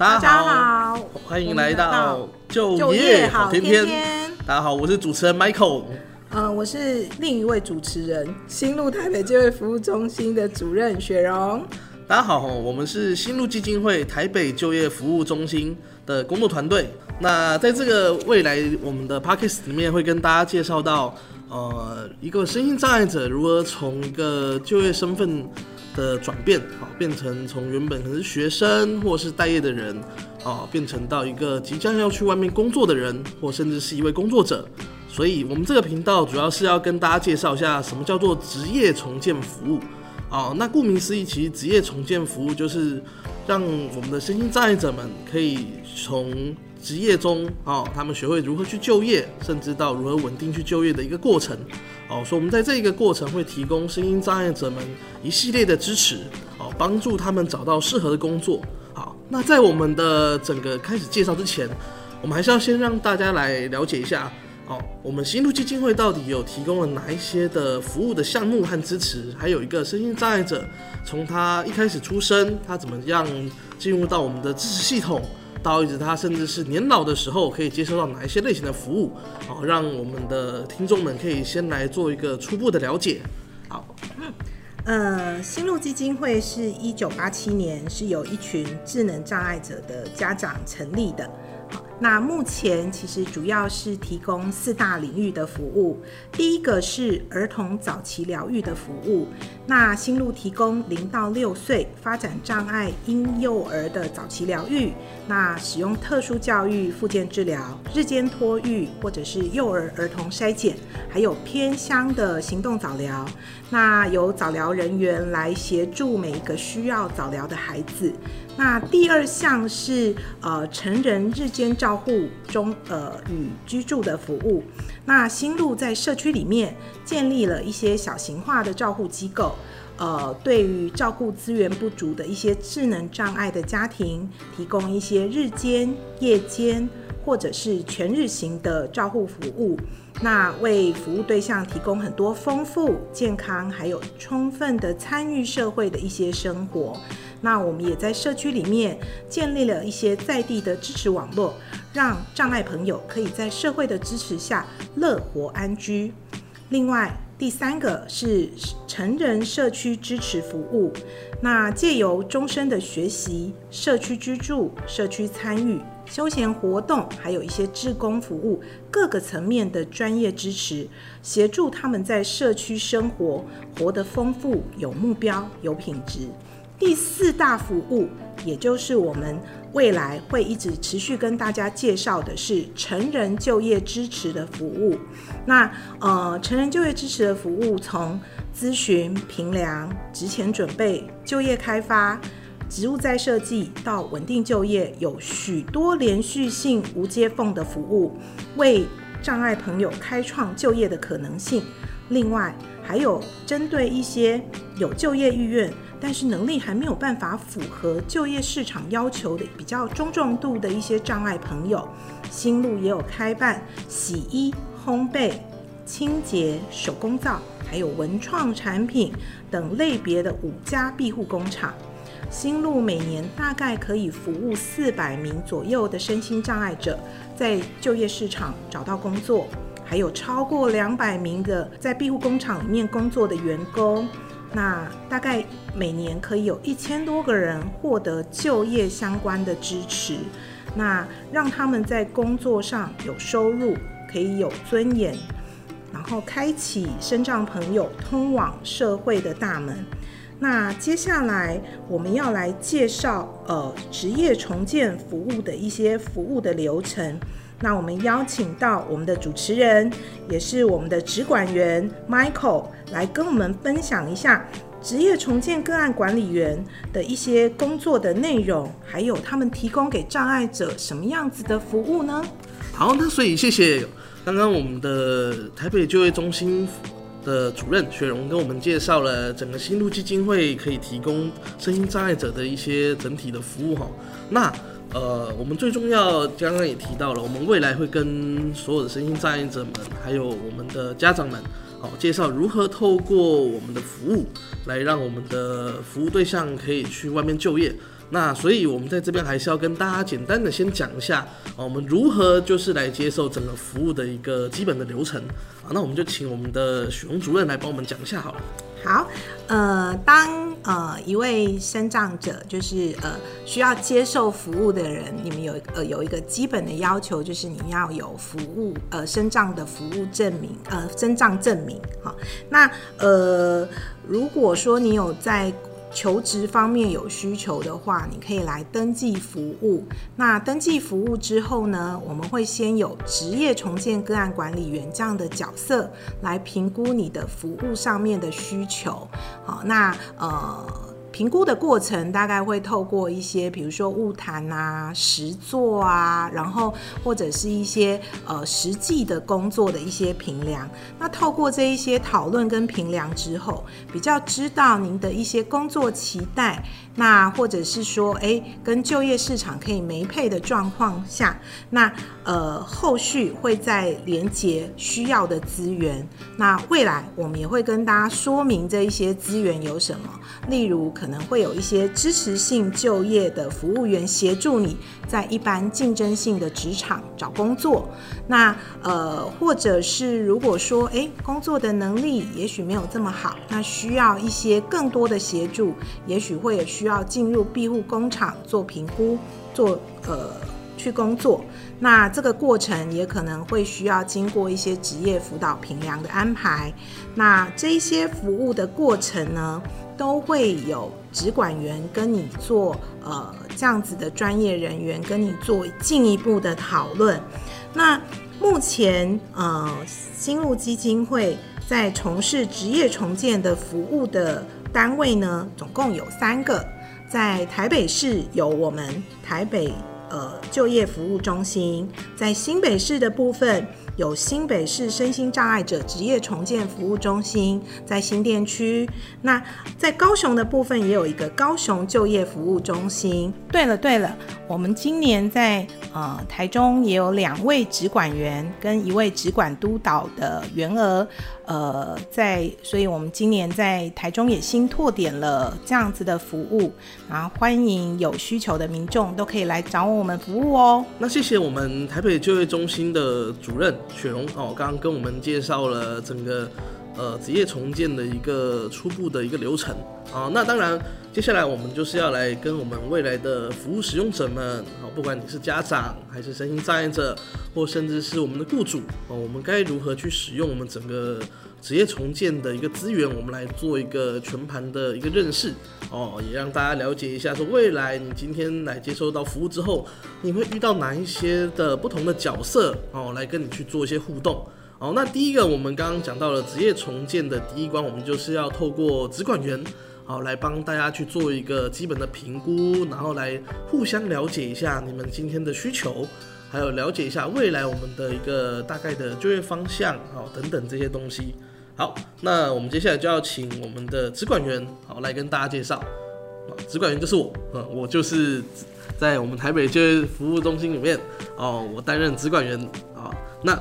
大家好，家好歡迎來到就業，到就業好天天。天天大家好，我是主持人 Michael。嗯、呃，我是另一位主持人，心路台北就業服務中心的主任雪蓉。大家好，我們是心路基金會台北就業服務中心的工作團隊。那在這個未來我們的 podcast 裡面，會跟大家介紹到，呃，一個身心障礙者如何從一個就業身份。的轉變，好變成，從原本可能是學生或是待業的人啊，變成到一個即將要去外面工作的人，或甚至是一位工作者。所以，我們這個頻道主要是要跟大家介紹一下什麼叫做職業重建服務啊。那顧名思義，其實職業重建服務就是讓我們的身心障礙者們可以從職業中啊，他們學會如何去就業，甚至到如何穩定去就業的一個過程。所以我們在這個過程會提供身心障礙者們一系列的支持，哦，幫助他們找到適合的工作。好，那在我們的整個開始介紹之前，我們還是要先讓大家來了解一下，哦，我們心路基金會到底有提供了哪一些的服務的項目和支持，還有一個身心障礙者從他一開始出生，他怎麼樣進入到我們的支持系統。到一直他甚至是年老的時候，可以接受到哪一些類型的服務。好，讓我們的聽眾們可以先來做一個初步的了解。好，嗯，呃，心路基金會是一九八七年是由一群智能障礙者的家長成立的。好那目前其實主要是提供四大領域的服務，第一個是兒童早期療癒的服務。那心路提供零到六歲發展障礙嬰幼兒的早期療癒，那使用特殊教育、復健治療、日間托育或者是幼兒兒童篩檢，還有偏鄉的行動早療。那由早療人員來協助每一個需要早療的孩子。那第二項是呃成人日間照。照護中，呃，與居住的服務，那心路在社區裡面建立了一些小型化的照護機構，呃，對於照顧資源不足的一些智能障礙的家庭，提供一些日間、夜間或者是全日型的照護服務，那為服務對象提供很多豐富、健康還有充分的參與社會的一些生活。那我們也在社區裡面建立了一些在地的支持網絡，讓障礙朋友可以在社會的支持下樂活安居。另外，第三個是成人社區支持服務，那借由終身的學習、社區居住、社區參與、休閒活動，還有一些志工服務，各個層面的專業支持，協助他們在社區生活活得豐富、有目標、有品質。第四大服務，也就是我們未來會一直持續跟大家介紹的是成人就業支持的服務。那呃，成人就業支持的服務從諮詢、評量、職前準備、就業開發、職務再設計到穩定就業，有許多連續性無接縫的服務，為障礙朋友開創就業的可能性。另外，還有針對一些有就業意願。但是能力還沒有辦法符合就業市場要求的比較中重度的一些障礙朋友，心路也有開辦洗衣、烘焙、清潔、手工皂，還有文創產品等類別的五家庇護工廠。心路每年大概可以服務四百名左右的身心障礙者在就業市場找到工作，還有超過兩百名的在庇護工廠裡面工作的員工。那大概每年可以有一千多個人獲得就業相關的支持，那讓他們在工作上有收入，可以有尊嚴，然後開啟身障朋友通往社會的大門。那接下來我們要來介紹呃職業重建服務的一些服務的流程。那我們邀請到我們的主持人，也是我們的職管員 Michael 來跟我們分享一下職業重建個案管理員的一些工作的內容，還有他們提供給障礙者什麼樣子的服務呢？好，那所以謝謝剛剛我們的台北就業中心的主任雪榮跟我們介紹了整個心路基金會可以提供身心障礙者的一些整體的服務哈。那。呃，我們最重要剛剛也提到了，我們未來會跟所有的身心障礙者們，還有我們的家長們，好、哦、介紹如何透過我們的服務，來讓我們的服務對象可以去外面就業。那所以我們在這邊還是要跟大家簡單的先講一下，哦、我們如何就是來接受整個服務的一個基本的流程。啊，那我們就請我們的熊主任來幫我們講一下好了。好，呃，當呃一位身障者，就是呃需要接受服務的人，你們有呃有一個基本的要求，就是你要有服務呃身障的服務證明呃身障證明。好，那呃如果說你有在。求職方面有需求的話，你可以來登記服務。那登記服務之後呢，我們會先有職業重建個案管理員這樣的角色來評估你的服務上面的需求。好，那呃。評估的過程大概會透過一些，比如說晤談啊、實作啊，然後或者是一些呃實際的工作的一些評量。那透過這一些討論跟評量之後，比較知道您的一些工作期待。那或者是說，哎、欸，跟就業市場可以沒配的狀況下，那呃，後續會再連結需要的資源。那未來我們也會跟大家說明這一些資源有什麼，例如可能會有一些支持性就業的服務員協助你在一般競爭性的職場找工作。那呃，或者是如果說，哎、欸，工作的能力也許沒有這麼好，那需要一些更多的協助，也許會也需要。要進入庇護工廠做評估，做呃去工作，那這個過程也可能會需要經過一些職業輔導評量的安排。那這些服務的過程呢，都會有職管員跟你做呃這樣子的專業人員跟你做進一步的討論。那目前呃心路基金會在從事職業重建的服務的單位呢，總共有三個。在台北市有我們台北呃就業服務中心，在新北市的部分有新北市身心障礙者職業重建服務中心，在新店區，那在高雄的部分也有一個高雄就業服務中心。對了對了，我們今年在呃台中也有兩位職管員跟一位職管督導的員額。呃，在，所以我們今年在台中也新拓點了這樣子的服務，然後歡迎有需求的民眾都可以來找我們服務哦。那謝謝我們台北就業中心的主任雪蓉哦，剛剛跟我們介紹了整個呃職業重建的一個初步的一個流程啊，哦，那當然。接下來我們就是要來跟我們未來的服務使用者們，好，不管你是家長還是身心障礙者，或甚至是我們的雇主，哦，我們該如何去使用我們整個職業重建的一個資源？我們來做一個全盤的一個認識，哦，也讓大家了解一下，說未來你今天來接收到服務之後，你會遇到哪一些的不同的角色，哦，來跟你去做一些互動，哦，那第一個我們剛剛講到了職業重建的第一關，我們就是要透過職管員。好，來幫大家去做一個基本的評估，然後來互相了解一下你們今天的需求，還有了解一下未來我們的一個大概的就業方向，好，等等這些東西。好，那我們接下來就要請我們的職管員，好，來跟大家介紹。職管員就是我，嗯，我就是在我們台北就業服務中心裡面，哦，我擔任職管員。啊，那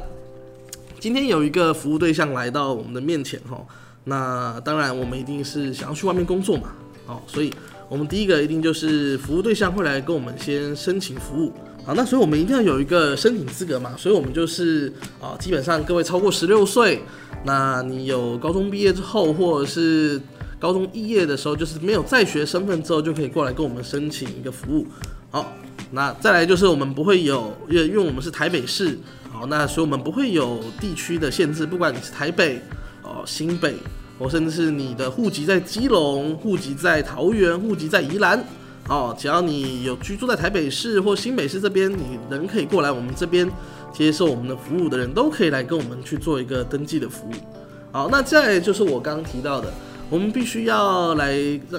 今天有一個服務對象來到我們的面前，哈。那當然，我們一定是想要去外面工作嘛，哦，所以我們第一個一定就是服務對象會來跟我們先申請服務，好，那所以我們一定要有一個申請資格嘛，所以我們就是啊，基本上各位超過十六歲，那你有高中畢業之後，或者是高中畢業的時候，就是沒有在學身份之後，就可以過來跟我們申請一個服務，好，那再來就是我們不會有，因為因為我們是台北市，好，那所以我們不會有地區的限制，不管你是台北哦，新北，我甚至是你的戶籍在基隆、戶籍在桃園、戶籍在宜蘭，哦，只要你有居住在台北市或新北市這邊，你人可以過來我們這邊接受我們的服務的人，都可以來跟我們去做一個登記的服務。好，那再就是我剛剛提到的，我們必須要來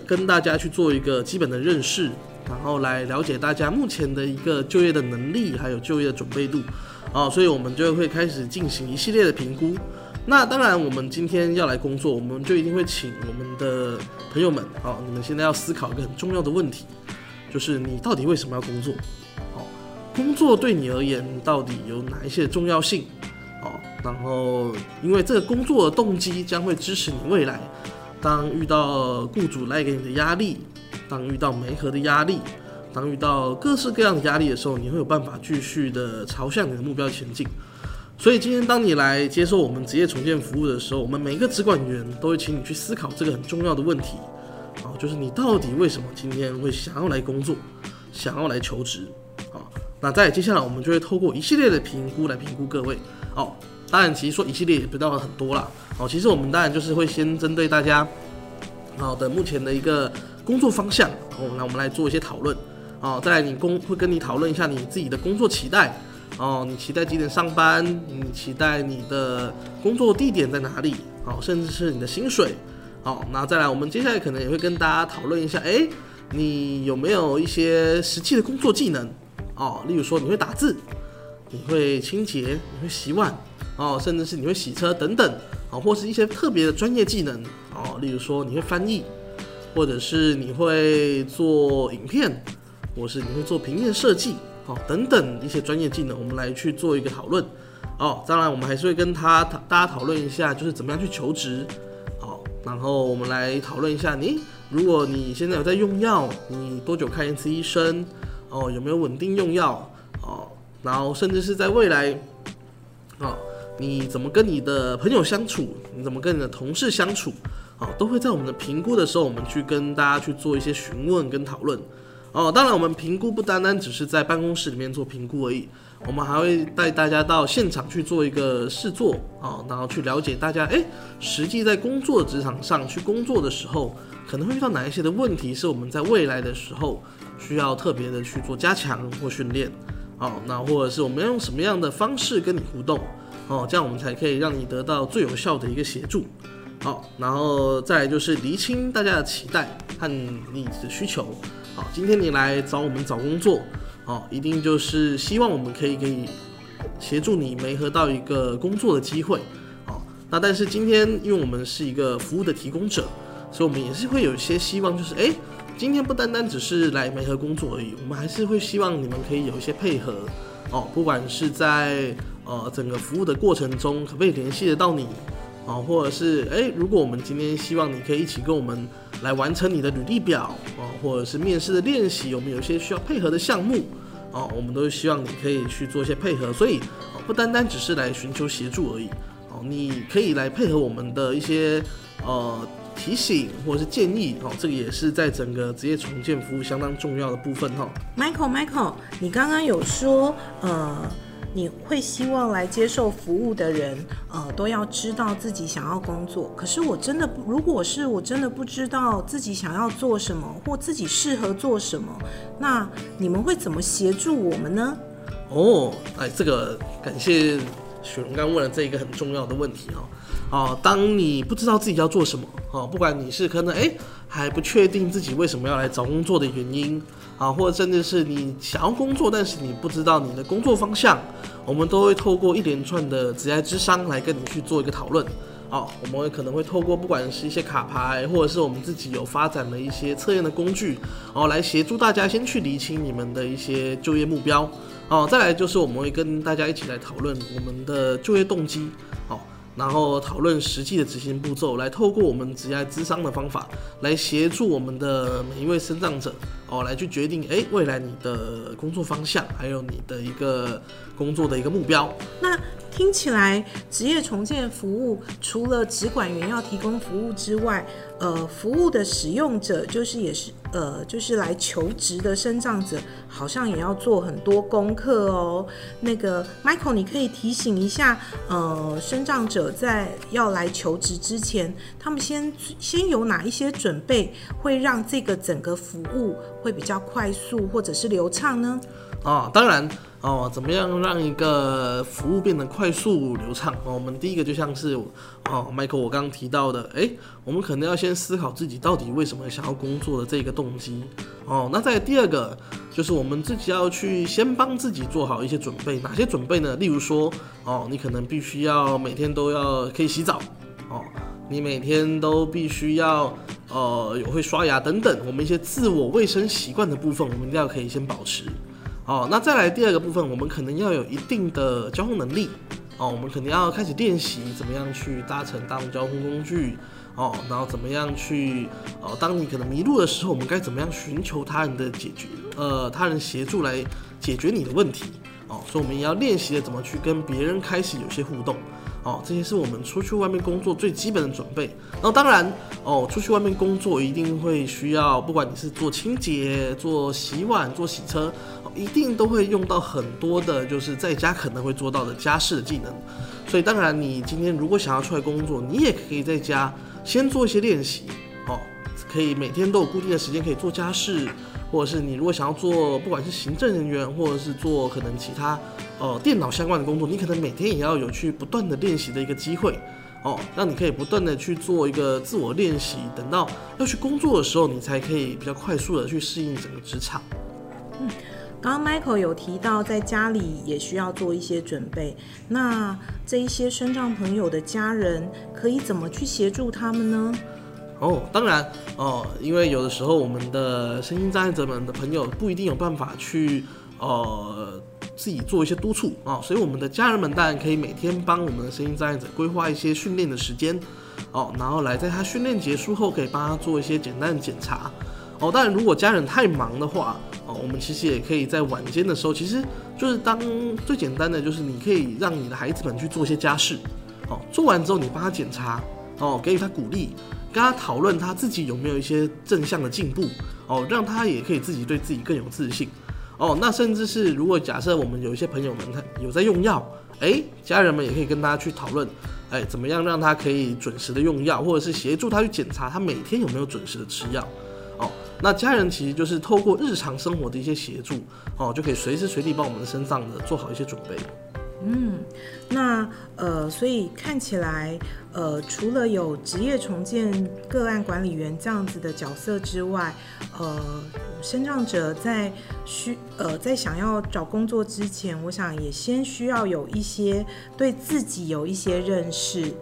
跟大家去做一個基本的認識，然後來了解大家目前的一個就業的能力，還有就業的準備度，啊、哦，所以我們就會開始進行一系列的評估。那當然，我們今天要來工作，我們就一定會請我們的朋友們。哦，你們現在要思考一個很重要的問題，就是你到底為什麼要工作？哦，工作對你而言到底有哪一些重要性？哦，然後因為這個工作的動機將會支持你未來，當遇到雇主帶給你的壓力，當遇到磨合的壓力，當遇到各式各樣的壓力的時候，你會有辦法繼續的朝向你的目標前進。所以今天當你來接受我們職業重建服務的時候，我們每一個職管員都會請你去思考這個很重要的問題，啊，就是你到底為什麼今天會想要來工作，想要來求職，啊，那在接下來我們就會透過一系列的評估來評估各位，哦，當然其實說一系列也不知道很多啦，哦，其實我們當然就是會先針對大家，好的目前的一個工作方向，哦，那我們來做一些討論，啊，在你工會跟你討論一下你自己的工作期待。哦，你期待幾點上班？你期待你的工作地點在哪裡？哦，甚至是你的薪水。哦，那再來，我們接下來可能也會跟大家討論一下。誒、欸，你有沒有一些實際的工作技能？哦，例如說你會打字，你會清潔，你會洗碗，哦，甚至是你會洗車等等。哦，或是一些特別的專業技能。哦，例如說你會翻譯，或者是你會做影片，或是你會做平面設計。等等一些專業技能，我們來去做一個討論。哦，當然我們還是會跟他討大家討論一下，就是怎麼樣去求職。好，然後我們來討論一下你，如果你現在有在用藥，你多久看一次醫生？哦，有沒有穩定用藥？哦，然後甚至是在未來，哦，你怎麼跟你的朋友相處？你怎麼跟你的同事相處？哦，都會在我們的評估的時候，我們去跟大家去做一些詢問跟討論。哦，當然，我們評估不單單只是在辦公室裡面做評估而已，我們還會帶大家到現場去做一個試做啊，哦，然後去了解大家哎，實際在工作職場上去工作的時候，可能會遇到哪一些的問題是我們在未來的時候需要特別的去做加強或訓練，哦，那或者是我們要用什麼樣的方式跟你互動，哦，這樣我們才可以讓你得到最有效的一個協助，好，哦，然後再來就是釐清大家的期待和你的需求。好，今天你來找我們找工作，哦，一定就是希望我們可以可以協助你媒合到一個工作的機會，哦，那但是今天因為我們是一個服務的提供者，所以我們也是會有一些希望，就是誒、欸，今天不單單只是來媒合工作而已，我們還是會希望你們可以有一些配合，哦，不管是在呃整個服務的過程中，可不可以聯繫得到你？哦，或者是誒、欸，如果我們今天希望你可以一起跟我們來完成你的履歷表哦，或者是面試的練習，我們有一些需要配合的項目哦，我們都希望你可以去做一些配合，所以、哦、不單單只是來尋求協助而已哦，你可以來配合我們的一些呃提醒，或者是建議哦，這個也是在整個職業重建服務相當重要的部分齁。Michael，Michael、哦、Michael，你剛剛有說呃。你會希望來接受服務的人，呃，都要知道自己想要工作。可是我真的，如果是我真的不知道自己想要做什麼，或自己適合做什麼，那你們會怎麼協助我們呢？哦，哎，這個感謝。許榮剛問了這一個很重要的問題哈、哦，啊、哦，當你不知道自己要做什麼，啊、哦，不管你是可能哎、欸、還不確定自己為什麼要來找工作的原因，啊、哦，或者甚至是你想要工作，但是你不知道你的工作方向，我們都會透過一連串的職涯諮商來跟你去做一個討論。哦，我們會可能會透過不管是一些卡牌，或者是我們自己有發展的一些測驗的工具，哦，來協助大家先去理清你們的一些就業目標，哦，再來就是我們會跟大家一起來討論我們的就業動機，好、哦，然後討論實際的執行步驟，來透過我們職業諮商的方法，來協助我們的每一位身障者，哦，來去決定，誒、欸，未來你的工作方向，還有你的一個工作的一個目標，那。聽起來職業重建服務除了職管員要提供服務之外，呃，服務的使用者就是也是呃，就是來求職的身障者，好像也要做很多功課哦。那個 Michael，你可以提醒一下，呃，身障者在要來求職之前，他們先先有哪一些準備，會讓這個整個服務會比較快速或者是流暢呢？啊、哦，當然。哦，怎麼樣讓一個服務變得快速流暢？哦，我們第一個就像是哦，Michael，我剛剛提到的，哎，我們可能要先思考自己到底為什麼想要工作的這個動機。哦，那再第二個，就是我們自己要去先幫自己做好一些準備。哪些準備呢？例如說，哦，你可能必須要每天都要可以洗澡，哦，你每天都必須要呃有會刷牙等等，我們一些自我衛生習慣的部分，我們一定要可以先保持。哦，那再來第二個部分，我們可能要有一定的交通能力哦，我們肯定要開始練習怎麼樣去搭乘大眾交通工具哦，然後怎麼樣去哦，當你可能迷路的時候，我們該怎麼樣尋求他人的解決，呃，他人協助來解決你的問題哦，所以我們也要練習怎麼去跟別人開始有些互動哦，這些是我們出去外面工作最基本的準備。那當然哦，出去外面工作一定會需要，不管你是做清潔、做洗碗、做洗車，一定都會用到很多的，就是在家可能會做到的家事的技能，所以當然你今天如果想要出來工作，你也可以在家先做一些練習哦，可以每天都有固定的時間可以做家事，或者是你如果想要做，不管是行政人員，或者是做可能其他呃電腦相關的工作，你可能每天也要有去不斷的練習的一個機會哦，讓你可以不斷的去做一個自我練習，等到要去工作的時候，你才可以比較快速的去適應整個職場。嗯。剛剛 Michael 有提到，在家裡也需要做一些準備。那這一些身障朋友的家人可以怎麼去協助他們呢？哦，當然哦，因為有的時候我們的身心障礙者們的朋友不一定有辦法去，呃，自己做一些督促啊，哦，所以我們的家人們當然可以每天幫我們的身心障礙者規劃一些訓練的時間，哦，然後來在他訓練結束後可以幫他做一些簡單的檢查。哦，當然，如果家人太忙的話，哦，我們其實也可以在晚間的時候，其實就是當最簡單的，就是你可以讓你的孩子們去做一些家事，哦，做完之後你幫他檢查，哦，給予他鼓勵，跟他討論他自己有沒有一些正向的進步，哦，讓他也可以自己對自己更有自信，哦，那甚至是如果假設我們有一些朋友們他有在用藥，誒，家人們也可以跟他去討論，誒，怎麼樣讓他可以準時的用藥，或者是協助他去檢查他每天有沒有準時的吃藥。那家人其實就是透過日常生活的一些協助，哦，就可以隨時隨地幫我們身障的做好一些準備。嗯，那呃，所以看起來，呃，除了有職業重建個案管理員這樣子的角色之外，呃，身障者在需呃在想要找工作之前，我想也先需要有一些對自己有一些認識。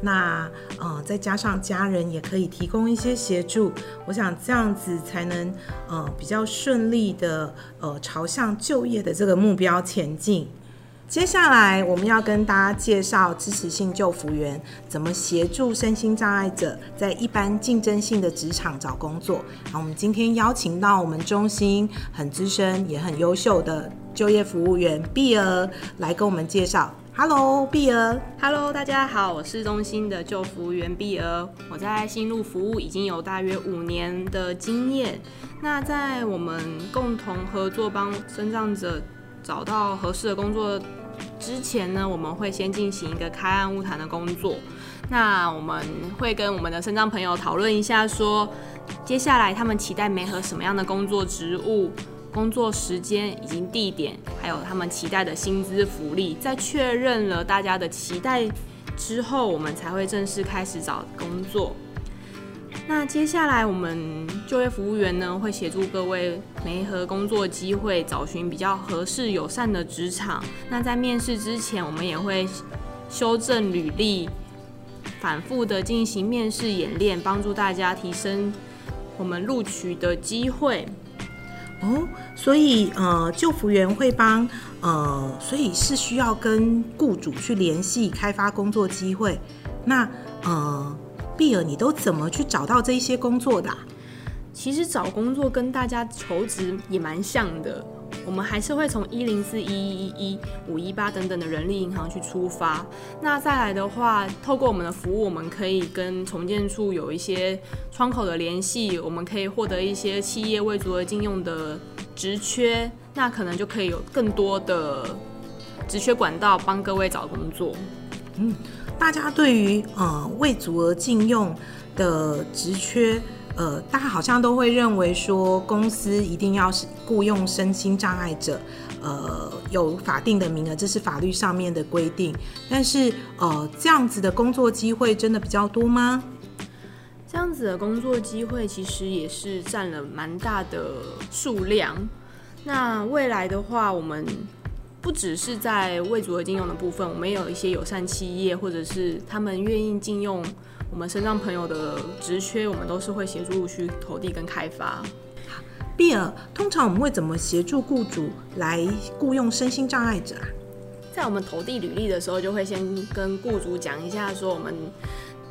那呃，再加上家人也可以提供一些協助，我想這樣子才能呃比較順利的呃朝向就業的這個目標前進。接下來我們要跟大家介紹支持性就業服務員怎麼協助身心障礙者在一般競爭性的職場找工作。我們今天邀請到我們中心很資深也很優秀的就業服務員碧兒來跟我們介紹。Hello，碧兒。Hello，大家好，我是中心的就服員碧兒。我在心路服務已經有大約五年的經驗。那在我們共同合作幫身障者找到合適的工作之前呢，我們會先進行一個開案晤談的工作。那我們會跟我們的身障朋友討論一下說，說接下來他們期待媒合什麼樣的工作職務。工作時間、以及地點，還有他們期待的薪資福利，在確認了大家的期待之後，我們才會正式開始找工作。那接下來，我們就業服務員呢，會協助各位媒合工作機會，找尋比較合適、友善的職場。那在面試之前，我們也會修正履歷，反覆的進行面試演練，幫助大家提升我們錄取的機會。哦，所以呃，就服務員會幫呃，所以是需要跟雇主去聯繫，開發工作機會。那呃，碧爾，你都怎麼去找到這一些工作的啊？其實找工作跟大家求職也蠻像的。我們還是會從一零四一一一一五一八等等的人力銀行去出發。那再來的話，透過我們的服務，我們可以跟重建處有一些窗口的聯繫，我們可以獲得一些企業未足額進用的職缺，那可能就可以有更多的職缺管道幫各位找工作。嗯，大家對於啊、呃、未足額進用的職缺。呃，大家好像都會認為說公司一定要是僱用身心障礙者，呃，有法定的名額，這是法律上面的規定。但是，呃，這樣子的工作機會真的比較多嗎？這樣子的工作機會其實也是佔了蠻大的數量。那未來的話，我們不只是在未足額進用的部分，我們也有一些友善企業，或者是他們願意進用。我們身上朋友的職缺，我們都是會協助去投遞跟開發。好，碧兒，通常我們會怎麼協助雇主來雇傭身心障礙者啊？在我們投遞履歷的時候，就會先跟雇主講一下，說我們。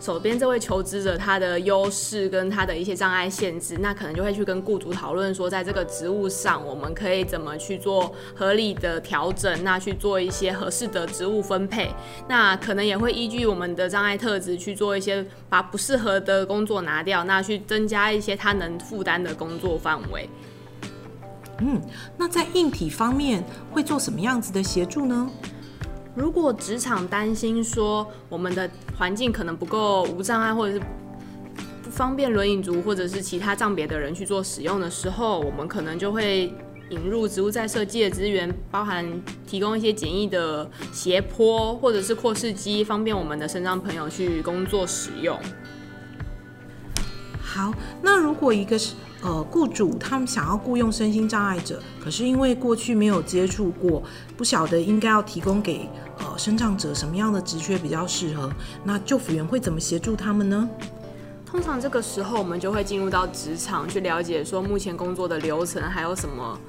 手邊這位求職者，他的優勢跟他的一些障礙限制，那可能就會去跟雇主討論說，在這個職務上，我們可以怎麼去做合理的調整，那去做一些合適的職務分配，那可能也會依據我們的障礙特質去做一些把不適合的工作拿掉，那去增加一些他能負擔的工作範圍。嗯，那在硬體方面會做什麼樣子的協助呢？如果職場擔心說，我們的環境可能不夠無障礙或者是不方便輪椅族或者是其他障別的人去做使用的時候，我們可能就會引入職務再設計的資源，包含提供一些簡易的斜坡或者是擴視機，方便我們的身障朋友去工作使用。好，那如果一個是。呃，雇主他們想要雇傭身心障礙者，可是因為過去沒有接觸過，不曉得應該要提供給呃身障者什麼樣的職缺比較適合。那就服員會怎麼協助他們呢？通常這個時候，我們就會進入到職場去了解，說目前工作的流程，還有什麼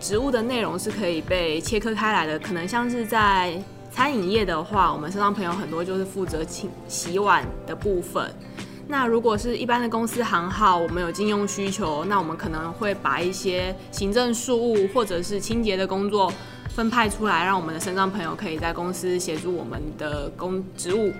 職務的內容是可以被切割開來的。可能像是在餐飲業的話，我們身障朋友很多就是負責清洗碗的部分。那如果是一般的公司行號，我們有聘用需求，那我們可能會把一些行政事務或者是清潔的工作分派出來，讓我們的身障朋友可以在公司協助我們的工職務。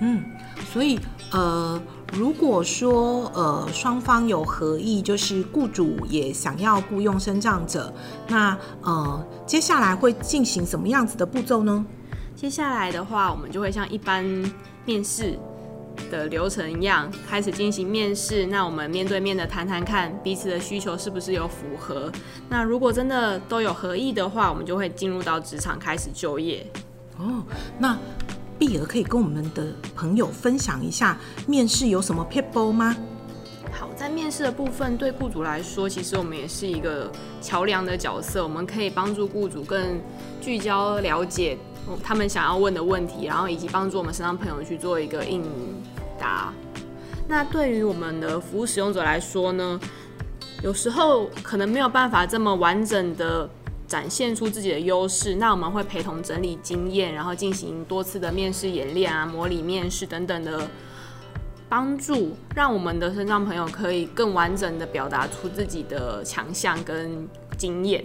嗯，所以呃，如果說呃雙方有合意，就是雇主也想要雇用身障者，那呃接下來會進行什麼樣子的步驟呢？接下來的話，我們就會像一般面試的流程一樣，開始進行面試。那我們面對面的談談看，彼此的需求是不是有符合。那如果真的都有合意的話，我們就會進入到職場開始就業。哦，那碧兒可以跟我們的朋友分享一下面試有什麼撇步嗎？好，在面試的部分，對雇主來說，其實我們也是一個橋樑的角色，我們可以幫助雇主更聚焦了解。他們想要問的問題，然後以及幫助我們身障朋友去做一個應答。那對於我們的服務使用者來說呢，有時候可能沒有辦法這麼完整的展現出自己的優勢。那我們會陪同整理經驗，然後進行多次的面試演練啊、模擬面試等等的幫助，讓我們的身障朋友可以更完整的表達出自己的強項跟經驗。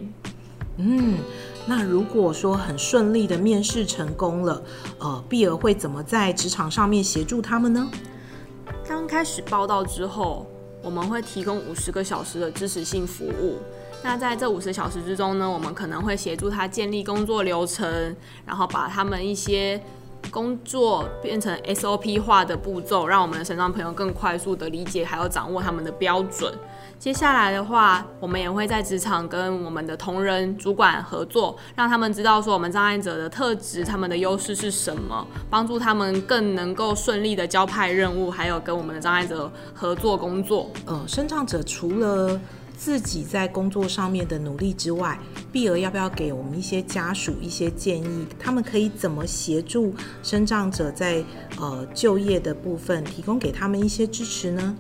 嗯。那如果說很順利的面試成功了，呃，碧兒會怎麼在職場上面協助他們呢？剛開始報到之後，我們會提供五十個小時的支持性服務。那在這五十小時之中呢，我們可能會協助他建立工作流程，然後把他們一些工作變成 SOP 化的步驟，讓我們的身障朋友更快速地理解，還有掌握他們的標準。接下來的話，我們也會在職場跟我們的同仁、主管合作，讓他們知道說我們障礙者的特質、他們的優勢是什麼，幫助他們更能夠順利的交派任務，還有跟我們的障礙者合作工作。呃，身障者除了自己在工作上面的努力之外，碧兒要不要給我們一些家屬一些建議，他們可以怎麼協助身障者在呃就業的部分，提供給他們一些支持呢？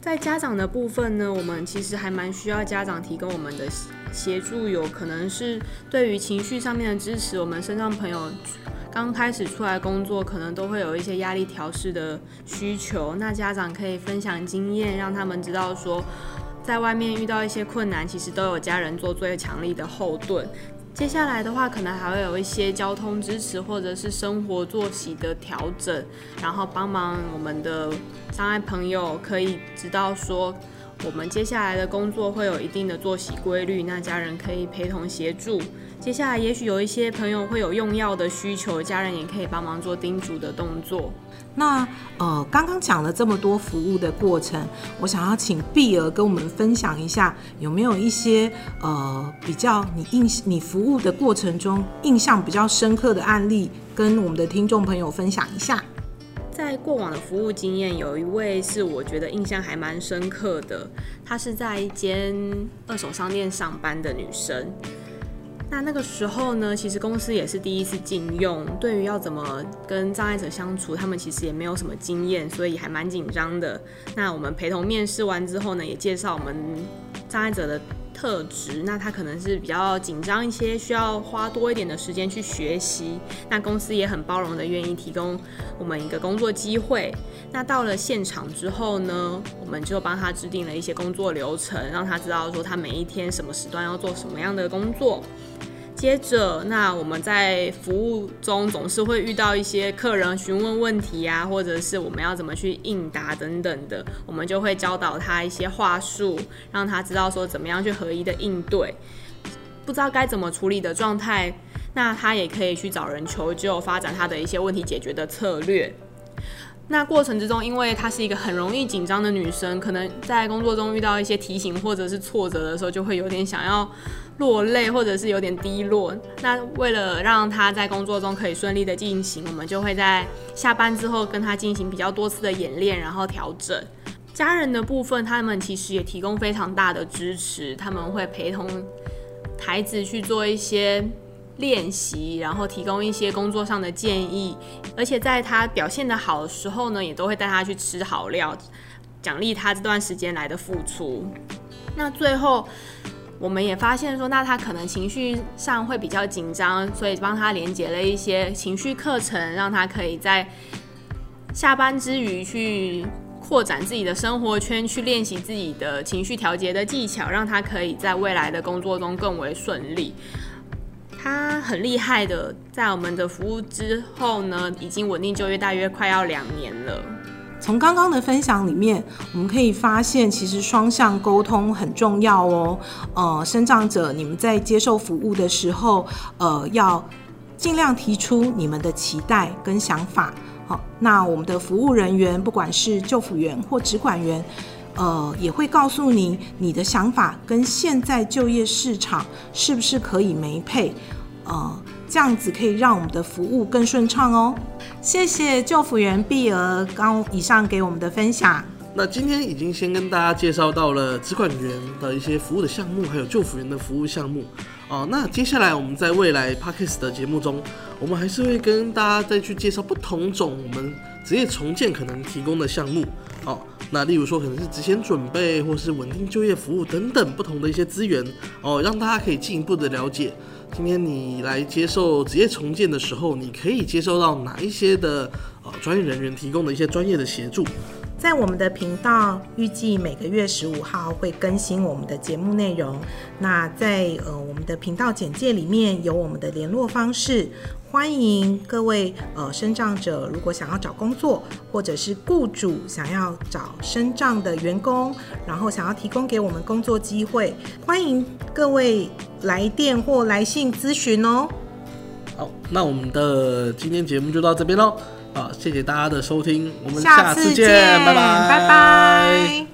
在家長的部分呢，我們其實還蠻需要家長提供我們的協助，有可能是對於情緒上面的支持。我們身障朋友剛開始出來工作，可能都會有一些壓力調適的需求，那家長可以分享經驗，讓他們知道說，在外面遇到一些困難，其實都有家人做最強力的後盾。接下來的話，可能還會有一些交通支持，或者是生活作息的調整，然後幫忙我們的障礙朋友可以知道說，我們接下來的工作會有一定的作息規律，那家人可以陪同協助。接下來，也許有一些朋友會有用藥的需求，家人也可以幫忙做叮囑的動作。那呃，剛剛講了這麼多服務的過程，我想要請碧兒跟我們分享一下，有沒有一些呃比較你印你服務的過程中印象比較深刻的案例，跟我們的聽眾朋友分享一下？在過往的服務經驗，有一位是我覺得印象還蠻深刻的，她是在一間二手商店上班的女生。那那個時候呢，其實公司也是第一次聘用，對於要怎麼跟障礙者相處，他們其實也沒有什麼經驗，所以還蠻緊張的。那我們陪同面試完之後呢，也介紹我們障礙者的。特質，那他可能是比較緊張一些，需要花多一點的時間去學習。那公司也很包容的，願意提供我們一個工作機會。那到了現場之後呢，我們就幫他制定了一些工作流程，讓他知道說他每一天什麼時段要做什麼樣的工作。接着，那我們在服務中總是會遇到一些客人詢問問題啊，或者是我們要怎麼去應答等等的，我們就會教導他一些話術，讓他知道說怎麼樣去合一的應對，不知道該怎麼處理的狀態，那他也可以去找人求救，發展他的一些問題解決的策略。那過程之中，因為她是一個很容易緊張的女生，可能在工作中遇到一些提醒或者是挫折的時候，就會有點想要落淚，或者是有點低落。那為了讓她在工作中可以順利的進行，我們就會在下班之後跟她進行比較多次的演練，然後調整。家人的部分，他們其實也提供非常大的支持，他們會陪同孩子去做一些。練習，然後提供一些工作上的建議，而且在他表現得好的時候呢，也都會帶他去吃好料，獎勵他這段時間來的付出。那最後我們也發現說，那他可能情緒上會比較緊張，所以幫他連接了一些情緒課程，讓他可以在下班之餘去擴展自己的生活圈，去練習自己的情緒調節的技巧，讓他可以在未來的工作中更為順利。他很厲害的，在我們的服務之後呢，已經穩定就業，大約快要兩年了。從剛剛的分享裡面，我們可以發現，其實雙向溝通很重要哦。呃，身障者，你們在接受服務的時候，呃，要盡量提出你們的期待跟想法。好、哦，那我們的服務人員，不管是就服員或職管員。呃，也會告訴你，你的想法跟現在就業市場是不是可以匹配，呃，這樣子可以讓我們的服務更順暢哦。謝謝就服員碧兒剛以上給我們的分享。那今天已經先跟大家介紹到了職管員的一些服務的項目，還有就服員的服務項目。呃，那接下來我們在未來 Podcast 的節目中，我們還是會跟大家再去介紹不同種我們職業重建可能提供的項目。哦、那例如說可能是職前準備，或是穩定就業服務等等不同的一些資源哦，讓大家可以進一步的了解。今天你來接受職業重建的時候，你可以接受到哪一些的呃、哦、專業人員提供的一些專業的協助？在我們的頻道，預計每個月十五號，會更新我們的節目內容。那在呃我們的頻道簡介裡面有我們的聯絡方式，歡迎各位呃身障者，如果想要找工作，或者是雇主想要找身障的員工，然後想要提供給我們工作機會，歡迎各位來電或來信諮詢哦。好，那我們的今天節目就到這邊嘍。好，謝謝大家的收聽，我們下次見，下次見，拜拜，拜拜。